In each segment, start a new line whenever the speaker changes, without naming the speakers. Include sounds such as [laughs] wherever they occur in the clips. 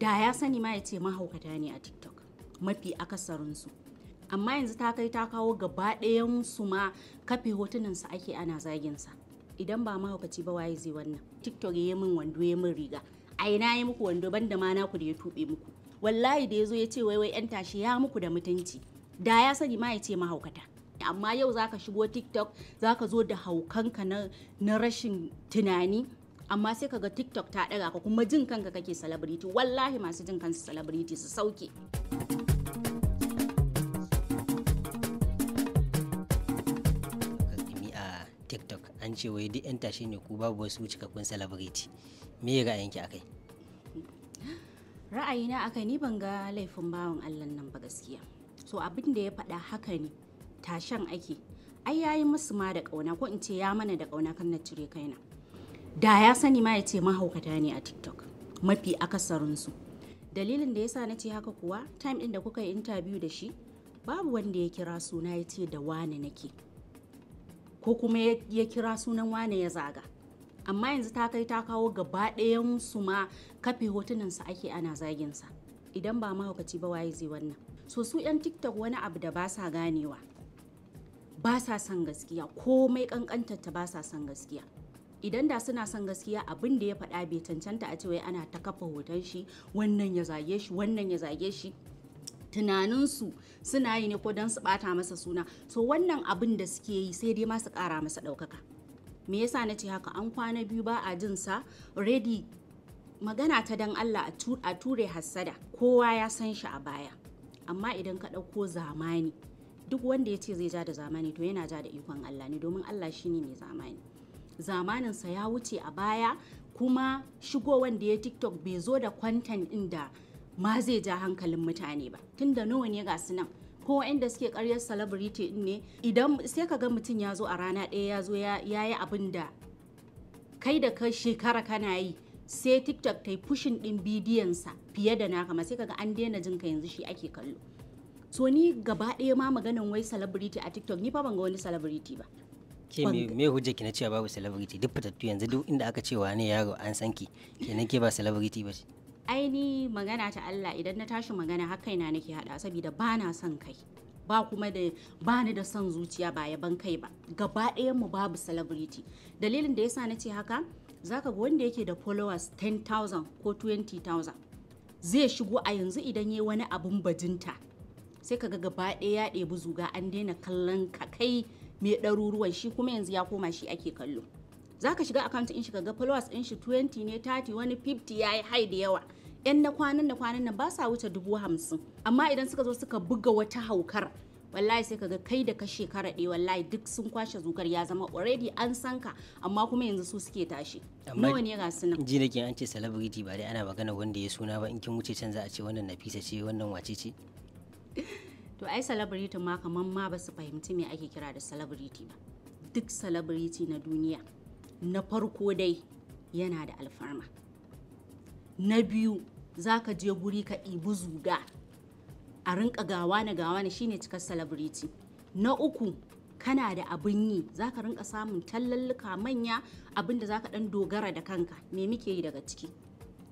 da ya sani ma ya ce mahaukata ne a tiktok mafi akasarinsu amma yanzu ta kai ta kawo gaba su ma kafe hotunansa ake ana zaginsa idan ba mahaukaci ba waye zai wannan tiktok ya min wando ya min riga a ina ya muku wando banda ma naku da ya tuɓe muku wallahi da ya zo ya ce wai wai yan tashi ya muku da mutunci da ya sani ma ya ce mahaukata amma yau zaka shigo tiktok zaka zo da haukanka na rashin tunani amma sai kaga tiktok ta ɗaga ka kuma jin kanka kake celebrity wallahi masu jin kansu celebrity su sauke
tiktok an ce wai duk 'yan tashi ne ku babu wasu cikakkun celebrity me ra'ayinki akai
ra'ayina akai ni ban ga laifin bawan allah nan ba gaskiya so abinda ya faɗa haka ne tashan ake ai yayi musu ma da kauna ko in ce ya mana da kauna kan na cire kaina da ya sani ma ya ce mahaukata ne a tiktok mafi akasarinsu dalilin da ya sa na ce haka kuwa time ɗin da kuka yi interview da shi babu wanda ya kira suna ya ce da wane nake ko kuma ya kira sunan wane ya zaga amma yanzu ta kai ta kawo gaba ɗayan su ma kafe hotunansa ake ana zaginsa idan ba mahaukaci ba waye zai wannan so su 'yan tiktok wani abu da ba sa ganewa ba sa son gaskiya komai kankantar ta ba sa son gaskiya idan da suna son gaskiya abin da ya faɗa bai cancanta a cewa ana ta kafa hoton shi wannan ya zage shi wannan ya zage shi tunaninsu suna yi ne ko don su bata masa suna to wannan abin da suke yi sai dai masu kara masa ɗaukaka me yasa na ce haka an kwana biyu ba a jin sa ready magana ta dan Allah a ture hassada kowa ya san shi a baya amma idan ka ɗauko zamani duk wanda ya ce zai ja da zamani to yana ja da ikon Allah ne domin Allah shine mai zamani Zamanin sa ya wuce a baya kuma shigo wanda ya tiktok bai zo da kwantan ɗin da ma zai ja hankalin mutane ba tunda nawa ne ga su nan ko inda suke karyar celebrity din ne idan sai ka ga mutum ya zo a rana ɗaya ya zo ya yi abin da kai da ka shekara kana yi sai tiktok ta yi pushin ɗin bidiyonsa fiye da naka ma sai ka ga an daina jin ka yanzu shi ake kallo so ni gaba ɗaya ma maganin wai celebrity a tiktok ni fa ban ga wani celebrity ba
ke me hujja ki na cewa babu celebrity duk fitattu yanzu duk inda aka ce wane yaro an san ki kenan ke ba celebrity ba
aini magana ta Allah idan na tashi magana har na nake hada saboda ba na son kai ba kuma da ba ni da son zuciya ba ya ban kai ba gaba ɗayan mu babu celebrity dalilin da yasa na ce haka zaka ga wanda yake da followers 10,000 ko 20,000 zai shigo a yanzu idan yayi wani abun bajinta sai kaga gaba ɗaya ya ɗebi zuga an daina kallon ka kai mai ɗaruruwan shi kuma yanzu ya koma shi ake kallo za ka shiga account in shi ga followers in shi 20 ne 30 wani 50 ya yi hai da yawa yan na kwanan na kwanan nan ba sa wuce dubu hamsin amma idan suka zo suka buga wata haukar wallahi sai ga kai da ka shekara ɗaya wallahi duk sun kwashe zukar ya zama already an san ka amma kuma yanzu su suke tashi nawa ne ga
su ji nake an ce celebrity ba dai ana magana wanda ya suna ba in kin wuce can za a ce wannan nafisa ce wannan wace ce
[laughs] to ai celebrity ma kaman ma ba su fahimci me ake kira da celebrity ba duk celebrity na duniya na farko dai yana da alfarma na biyu za ka je guri ka ɗibi zuga a rinka gawa na gawa na shine cikar celebrity na uku kana da abin yi za ka rinka samun tallalluka manya abin da za ka ɗan dogara da kanka me muke yi daga ciki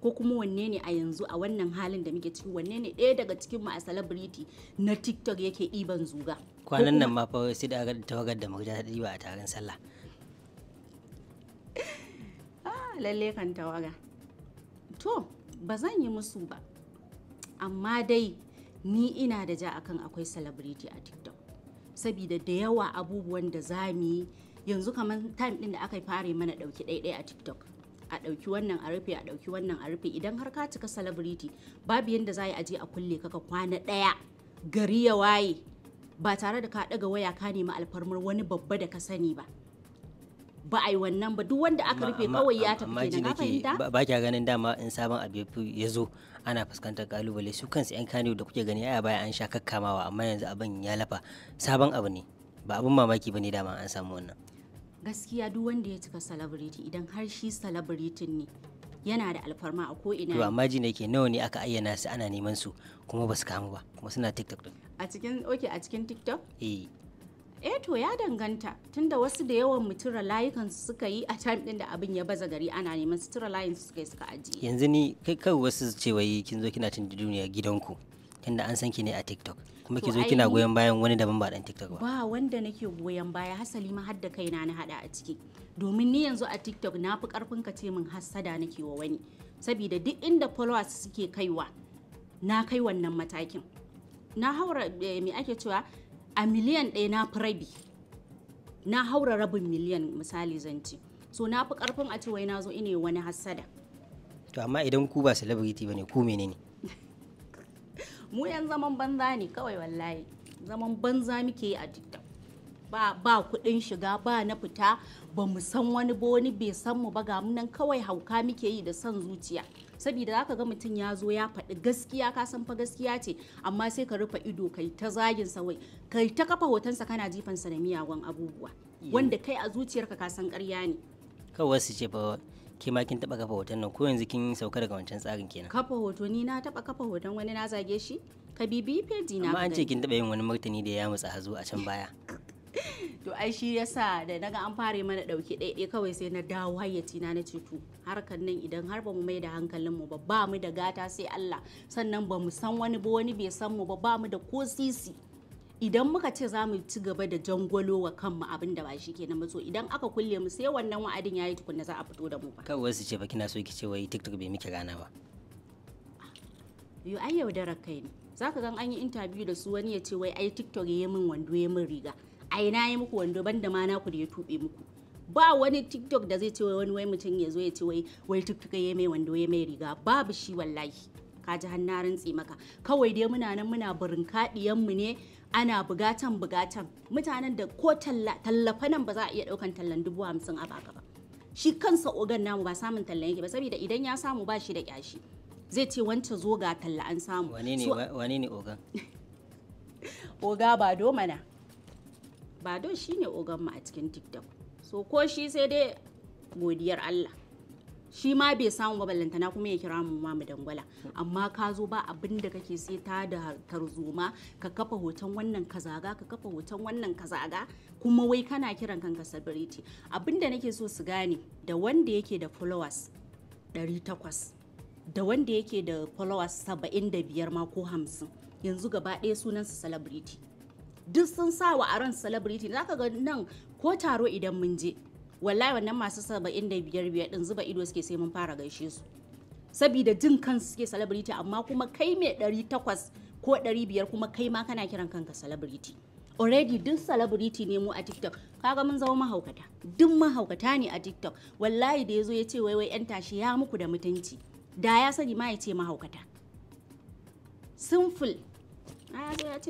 ko kuma wanne ne a yanzu a wannan halin da muke ciki wanne ne ɗaya daga cikin mu a celebrity na tiktok yake iban zuga kwanan nan
ma fa sai da tawagar da murja ta ba a taron sallah
[laughs] ah, lalle kan tawaga to ba zan yi musu ba amma dai ni ina da ja akan akwai celebrity a tiktok sabida da yawa abubuwan da za mu yi yanzu kamar time ɗin da aka fara mana ɗauki ɗaiɗai a tiktok a ɗauki wannan a rufe a ɗauki wannan a rufe idan har ka cika celebrity babu yadda za a je a kulle kaka kwana ɗaya gari ya waye ba tare da ka ɗaga waya ka nemi alfarmar wani babba da ka sani ba ba a yi wannan ba duk wanda aka rufe kawai ya tafi kenan ka fahimta
ba kya ganin dama in sabon abu ya zo ana fuskantar kalubale su kansu yan kano da kuke gani a baya an sha kakkamawa amma yanzu abin ya lafa sabon abu ne ba abin mamaki ba ne dama an samu wannan
gaskiya duk wanda ya cika celebrity idan har shi celebrity ne yana da alfarma a ko ina to amma
ji ke nawa ne aka ayyana su ana neman su kuma basu kamu ba kuma suna tiktok din
a cikin okay a cikin tiktok eh, eh to ya danganta tunda wasu da yawan mutura layukan su suka yi a time din da abin ya baza gari ana neman sutura layin su suka yi suka ajiye
yanzu ni kai kai wasu cewa kin zo kina tun duniya gidanku tunda an san ki ne a TikTok kuma ki zo kina goyon bayan wani daban ba dan TikTok ba ba
wanda nake goyon baya hasali ma har da kaina na hada a ciki domin ni yanzu a TikTok na fi karfin ka ce min hassada nake wa wani saboda duk inda followers suke kaiwa na kai wannan matakin na haura eh, me ake cewa a miliyan ɗaya na fi rabi na haura rabin miliyan misali zance so na fi karfin a ce wai na zo ine wani hasada
to amma idan ku ba celebrity bane ku menene
mu yan zaman banza ne kawai wallahi zaman banza muke yi a tiktok ba ba kuɗin shiga ba na fita ba mu san wani ba wani bai san mu ba ga mu nan kawai hauka muke yi da son zuciya saboda zaka ga mutum ya zo ya faɗi gaskiya ka san fa gaskiya ce amma sai ka rufe ido kai ta zagin sa wai kai ta kafa hotonsa kana jifan sa da miyagun abubuwa wanda kai a zuciyarka ka san ƙarya ne
kawai su ce ba ke ma kin taba kafa hoton nan ko yanzu kin sauka daga wancan tsarin kenan
kafa hoto ni na taba kafa hoton wani na zage shi ka bibi page na amma an ce kin
taba yin wani martani da ya mutsa hazo a can baya
[laughs] to ai shi yasa da naga an fare mana dauke ɗaya kawai sai na dawo hayyaci na na ce to harkan nan idan har ba mu mai da hankalin mu ba ba mu da gata sai Allah sannan ba mu san wani ba wani bai san mu ba ba mu da ko sisi idan muka ce za mu ci gaba da jangwalo wa kanmu abin da ba shi ke na matso idan aka kulle mu sai wannan wa'adin ya yi tukunna za a fito da mu ba kawai
wasu ce ba kina so ki ce wai tiktok bai miki rana ba
Yau ai dara kai ne Za ka gan an yi interview da su wani ya ce wai ai tiktok ya min wando ya min riga ai na yi muku wando banda ma naku da ya tube muku ba wani tiktok da zai ce wai wani wai mutum ya zo ya ce wai wai tiktok ya mai wando ya mai riga babu shi wallahi ka ji hannarin tsimaka kawai dai muna nan muna burin mu ne ana bugatan bugatan mutanen da ko tallafa nan ba za a iya daukan tallan dubu hamsin a baka ba shi kansa ogan namu ba samun tallan yake ba saboda idan ya samu ba shi da kyashi zai ce wance zo ga talla an samu wane ne ogan [laughs] oga ba do mana ba do shine ogan mu a cikin tiktok so ko shi sai dai godiyar Allah shi ma bai samu ballantana kuma ya kira mu ma mu dangwala amma ka zo ba abin da kake sai ta da tarzoma ka kafa hoton wannan kazaga ka kafa hoton wannan kazaga kuma wai kana kiran kanka celebrity abin da nake so su gane da wanda yake da followers 800 da wanda yake da followers biyar ma ko hamsin, yanzu gaba ɗaya sunan su celebrity duk sun sa wa a ran celebrity zaka ga nan ko taro idan mun je wallahi wannan masu saba'in da biyar biyar din zuba ido suke sai mun fara gaishe su saboda jin kansu suke celebrity amma kuma kai mai ɗari takwas ko ɗari biyar kuma kai ma kana kiran kanka celebrity already duk celebrity ne mu a tiktok kaga mun zama mahaukata duk mahaukata ne a tiktok wallahi da ya zo ya ce wai wai 'yan tashi ya muku da mutunci da ya sani ma ya ce mahaukata simple ah,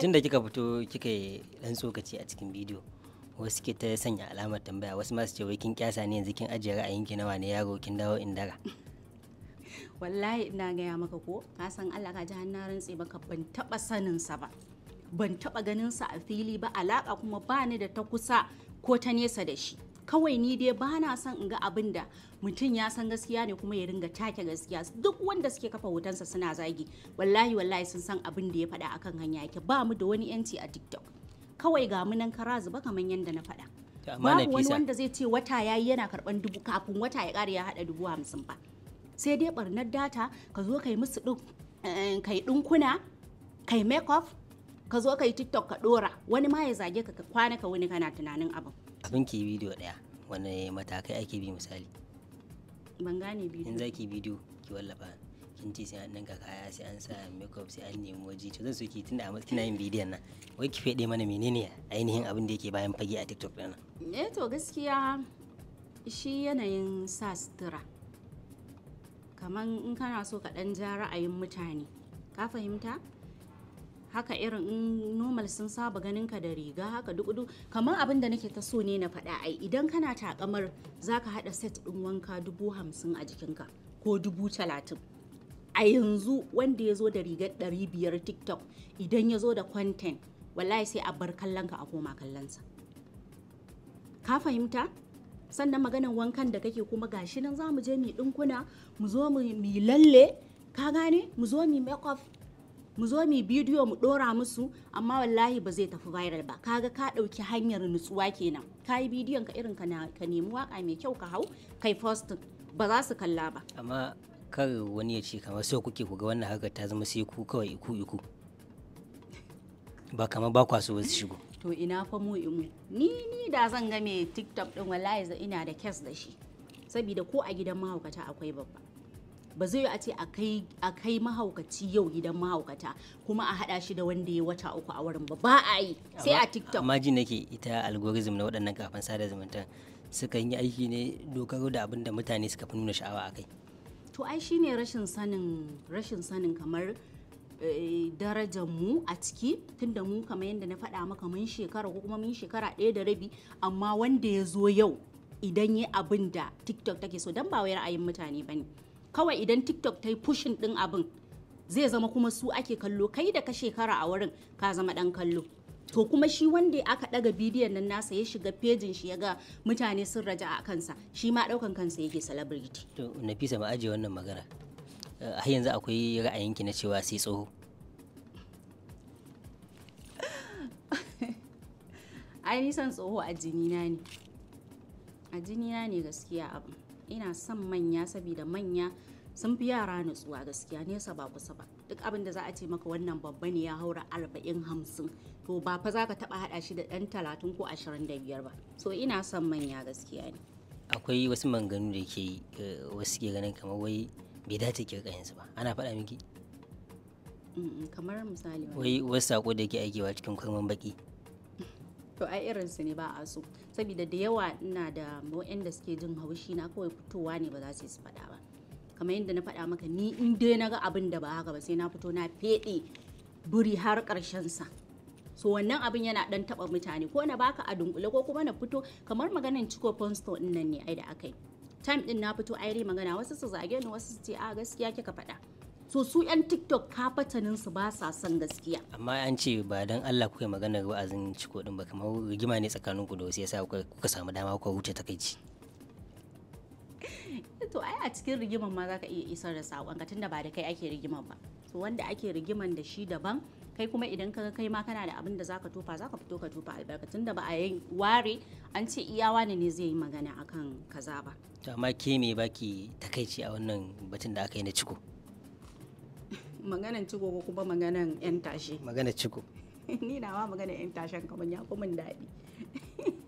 tun da
kika fito kika yi dan tsokaci a cikin bidiyo wasu ke ta sanya alamar tambaya wasu masu ce wai kin kyasa ne yanzu kin ajiye ra'ayinki nawa ne yaro kin dawo indara
[laughs] wallahi ina gaya maka ko ka san Allah ka ji hannun rantse baka ban taba sanin sa ba ban taba ganin sa a fili ba alaka kuma ba ni da ta kusa ko ta nesa da shi kawai ni dai ba na son in ga abin da mutum ya san gaskiya ne kuma ya ringa take gaskiya duk wanda suke kafa hotonsa suna zagi wallahi wallahi sun san abin da ya faɗa akan hanya yake ba mu da wani yanci a tiktok kawai ga munan karazu ba kamar yadda na faɗa
babu wani wanda
zai ce wata ya yi yana karɓan dubu kafin wata ya ƙara ya haɗa dubu hamsin ba sai dai ɓarnar data ka zo ka yi musu eh, kai ɗinkuna kai make up ka zo ka yi tiktok ka ɗora wani ma ya zage ka kwana ka wani kana tunanin abin
abin ki bidiyo ɗaya wani matakai ake bi misali
ban gane bidiyo in za
ki bidiyo ki wallafa in ce sai an kaya sai an sa makeup sai an nemi waje to zan so ki tunda amma kina yin bidiyon nan wai ki fede mana menene ainihin abin da yake bayan fage a TikTok ɗin
nan eh to gaskiya shi yanayin sa sutura Kaman in kana so ka ɗan ja ra'ayin mutane ka fahimta haka irin in normal sun saba ganin ka da riga haka duk Kaman abin da nake ta so ne na faɗa ai idan kana takamar zaka haɗa set ɗin wanka dubu hamsin a jikinka ko dubu talatin a yanzu wanda ya zo da rigar ɗari biyar tiktok idan ya zo da content wallahi sai a bar kallon ka a koma kallonsa ka fahimta sannan maganan wankan da kake kuma gashi nan za mu je mu ɗinkuna mu zo mu lalle ka gane mu zo mu make up mu zo mu bidiyo mu ɗora musu amma wallahi ba zai tafi viral ba kaga ka ɗauki hanyar nutsuwa kenan ka yi bidiyon ka irin ka nemi waka mai kyau ka hau kai posting ba za su kalla ba
amma kar wani ya ce kamar so kuke ku ga wannan harkar ta zama sai ku kawai iku iku ba kamar ba kwa so wasu shigo
to ina fa mu imu ni ni da zan ga tiktok din wallahi ina da kes da shi saboda ko a gidan mahaukata akwai babba ba zai a ce a kai mahaukaci yau gidan mahaukata kuma a hada shi da wanda ya wata uku a wurin ba ba a yi sai a tiktok
amma ji nake ita algorithm na waɗannan kafin sada zumunta suka yi aiki ne dokaro da abin da mutane suka fi nuna sha'awa a kai
to ai shine rashin sanin rashin sanin kamar eh, darajar mu a ciki tunda mu kamar yadda na faɗa maka mun shekara ko kuma mun shekara ɗaya da rabi amma wanda ya zo yau idan yi abin da tiktok take so don ba wai ra'ayin mutane ba ne kawai idan tiktok ta yi pushin ɗin abin zai zama kuma su ake kallo kai da ka shekara a wurin ka zama ɗan kallo to kuma shi wanda aka daga bidiyon nan nasa ya shiga pejin shi ya ga mutane sun raja a kansa shi ma daukan kansa yake celebrity
to nafisa ma aje wannan magana eh, har yanzu akwai ki na cewa sai tsoho
[laughs] ai san tsoho a jinina ne a jinina ne gaskiya abu ina son manya saboda manya sun fi yara nutsuwa gaskiya nesa ba kusa ba duk abin da za a ce maka wannan babba ne ya haura arba'in hamsin to ba fa za ka taɓa hada shi da dan talatin ko ashirin da biyar ba so ina son manya gaskiya ne
akwai wasu manganu da ke eh, wasu ke ganin kamar wai bai dace ki kayansu ba ana faɗa miki
kamar misali wai
wasu sako da ke aikewa cikin kurman baki
[laughs] to ai irinsu ne ba a so saboda da yawa ina da waɗanda suke jin haushi na kawai fitowa ne ba za su yi su faɗa ba kamar yadda na faɗa maka ni in dai na ga abin da ba haka ba sai na fito na feɗe buri har ƙarshen sa so wannan abin yana dan taba mutane ko na baka a dunkule ko kuma na fito kamar maganan ciko fonsto din nan ne ai da akai time din na fito ai magana wasu su zage ni wasu su ce a gaskiya kika faɗa so su yan tiktok kafatanin su ba sa son gaskiya
amma an ce ba dan Allah kuka magana wa'azin ciko din ba kamar rigima ne tsakanin ku da wasu yasa kuka samu dama kuka huce takaici
[laughs] to ai a cikin rigiman ma za ka iya isar da saƙon ka tunda ba da kai ake rigiman ba to wanda ake rigiman da shi daban kai kuma idan ka kai ma kana da abin da zaka tofa zaka fito ka tofa albarkatun da ba a yi ware an ce iya wani ne zai yi magana akan kaza ba
to amma ke me baki takaici a wannan batun da aka yi na ciko
[laughs] maganan ciko ko kuma maganan yan tashi. maganan ciko [laughs] ni na ma maganan yan tashen kamar ya kuma daɗi [laughs]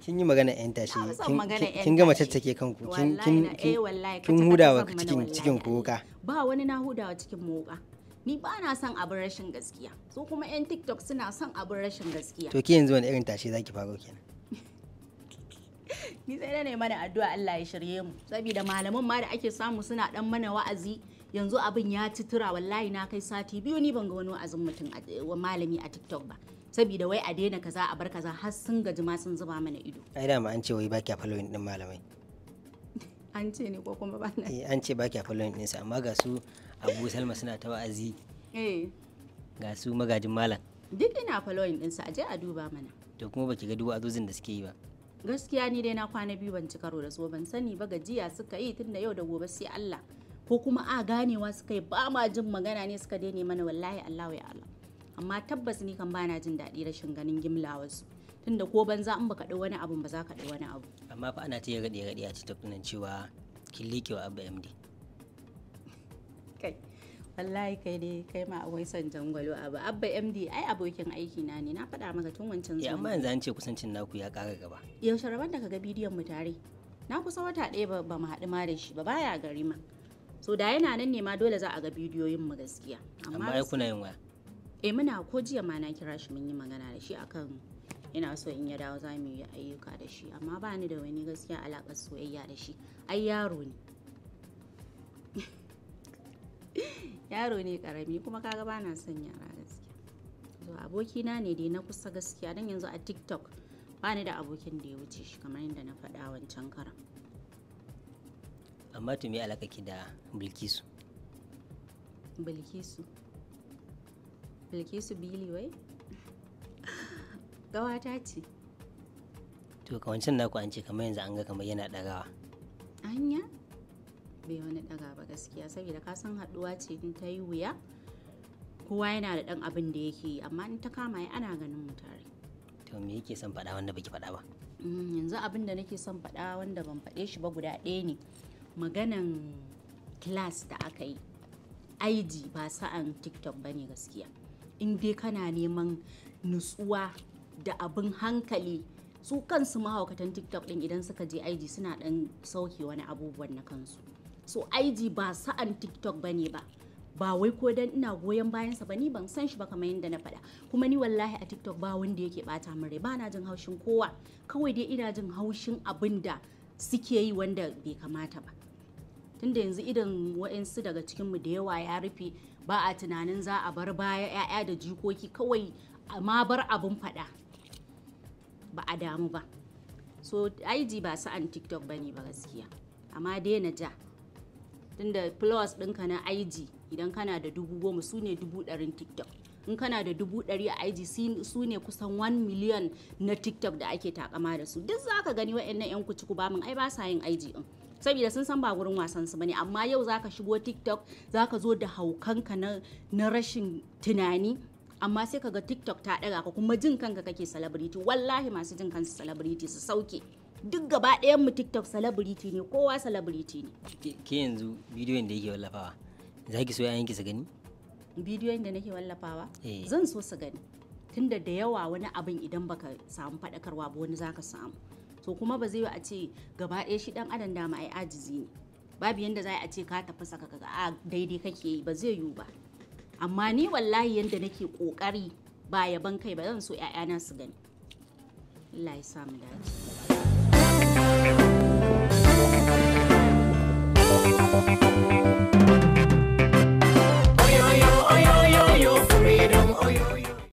kin yi magana yan tashi kin gama tattake kanku kin eh, hudawa cikin cikin kuka
ba wani na hudawa cikin moka ni ba na son abin rashin gaskiya so kuma yan tiktok suna son abin rashin gaskiya to ki
yanzu wani irin tashi zaki faro kenan
[laughs] ni sai na nema da addu'a Allah ya shirye mu saboda malaman ma da ake samu suna dan mana wa'azi yanzu abin ya ci tura wallahi na kai sati biyu ni ban ga wani wa'azin mutum malami a tiktok ba saboda wai a daina kaza a bar kaza har sun gaji ma sun zuba mana ido
ai da ma an ce wai baki a following din malamai
[laughs] an ce ne ko kuma ba na eh,
an ce baki a following din sa amma ga su Abu Salma suna ta wa'azi eh ga su magajin malam
duk ina following din sa aje a duba mana
to kuma baki ga duba azuzin da suke yi ba
gaskiya ni dai na kwana biyu ban ci karo da su ban sani ba gajiya suka yi tunda yau da gobe sai Allah ko kuma a ganewa suka yi ba ma jin magana ne suka daina mana wallahi Allahu ya Allah amma tabbas ni kan bana jin daɗi rashin ganin gimla wasu tunda ko banza in baka ɗau wani abu ba za ka ɗau wani abu
amma fa ana ta yi raɗe raɗe a cikin nan cewa kin liƙe wa abba md
kai wallahi kai ne kai ma akwai son jangwalo abu abba md ai abokin aiki na ne na faɗa maka tun wancan zuwa eh, amma yanzu an
ce kusancin naku ya ƙara gaba
yaushe rabar da ka ga bidiyon mu tare na kusa wata ɗaya ba mu haɗu ma da shi ba baya gari ma so da yana nan ne ma dole za a ga bidiyoyin mu gaskiya amma ai kuna yin waya eh muna ko jiya ma na kira shi mun yi magana da shi akan ina so in ya dawo za mu yi ayyuka da shi amma ba ni da wani gaskiya alaƙar soyayya da shi ai yaro ne [laughs] yaro ne karami kuma kaga ba na son yara gaskiya to abokina ne dai na kusa gaskiya don yanzu a tiktok ba ni da abokin da ya wuce shi kamar yadda na faɗa wancan karan
amma to me alaƙa ki da bilkisu
bilkisu bilkisu bili wai gawata ce
to kawancin naku an ce kamar yanzu an ga kamar yana ɗagawa
anya bai wani ɗaga ba gaskiya saboda ka san haduwa ce in ta yi wuya kowa yana da ɗan abin da yake yi amma in ta kama yi ana ganin mu tare
to me yake son faɗa wanda baki faɗa ba
mm, yanzu abin da nake son faɗa wanda ban faɗe shi ba guda ɗaya ne maganan class da aka yi id ba sa'an tiktok ba ne gaskiya in dai kana neman nutsuwa da abin hankali su kansu mahaukatan tiktok din idan suka je IG suna dan sauke wani abubuwan na kansu so IG ba sa'an tiktok bane ba ba wai ko dan ina goyon bayansa ba ni ban san shi ba kamar yadda na faɗa kuma ni wallahi a tiktok ba wanda yake bata min rai ba na jin haushin kowa kawai dai ina jin haushin abin da suke yi wanda bai kamata ba tunda yanzu idan waɗansu daga cikinmu da yawa ya rufe ba a tunanin za a bar baya 'ya'ya da jikoki kawai ma bar abun fada ba a damu ba so IG ba sa'an tiktok ba ne ba gaskiya amma daina ja tunda plus ɗinka na IG idan kana da dubu goma su ne dubu ɗarin tiktok in kana da dubu ɗari a IG su ne kusan 1 miliyan na tiktok da ake takama da su duk za ka gani wa'annan 'yan kuci ku ba mun, ai ba sa yin IG in. saboda sun san ba gurin wasan su bane amma yau zaka shigo tiktok zaka zo da haukanka na na rashin tunani amma sai kaga tiktok ta daga ka kuma jin kanka kake celebrity wallahi masu jin kansu celebrity su sauke duk gaba ɗayan mu tiktok celebrity ne kowa celebrity ne
ke yanzu bidiyon da yake wallafawa za ki so ya ki su gani
bidiyon da nake wallafawa eh. zan so su gani tunda da yawa wani abin idan baka samu fadakarwa ba wani zaka samu to kuma ba zai yi a ce gaba ɗaya shi ɗan adam dama ai ajizi ne babu yanda za a ce ka tafi saka ka a ah, daidai kake yi ba zai yiwu ba amma ni wallahi yanda nake kokari ba ban kai ba zan so ƴaƴana su gani Allah ya sa mu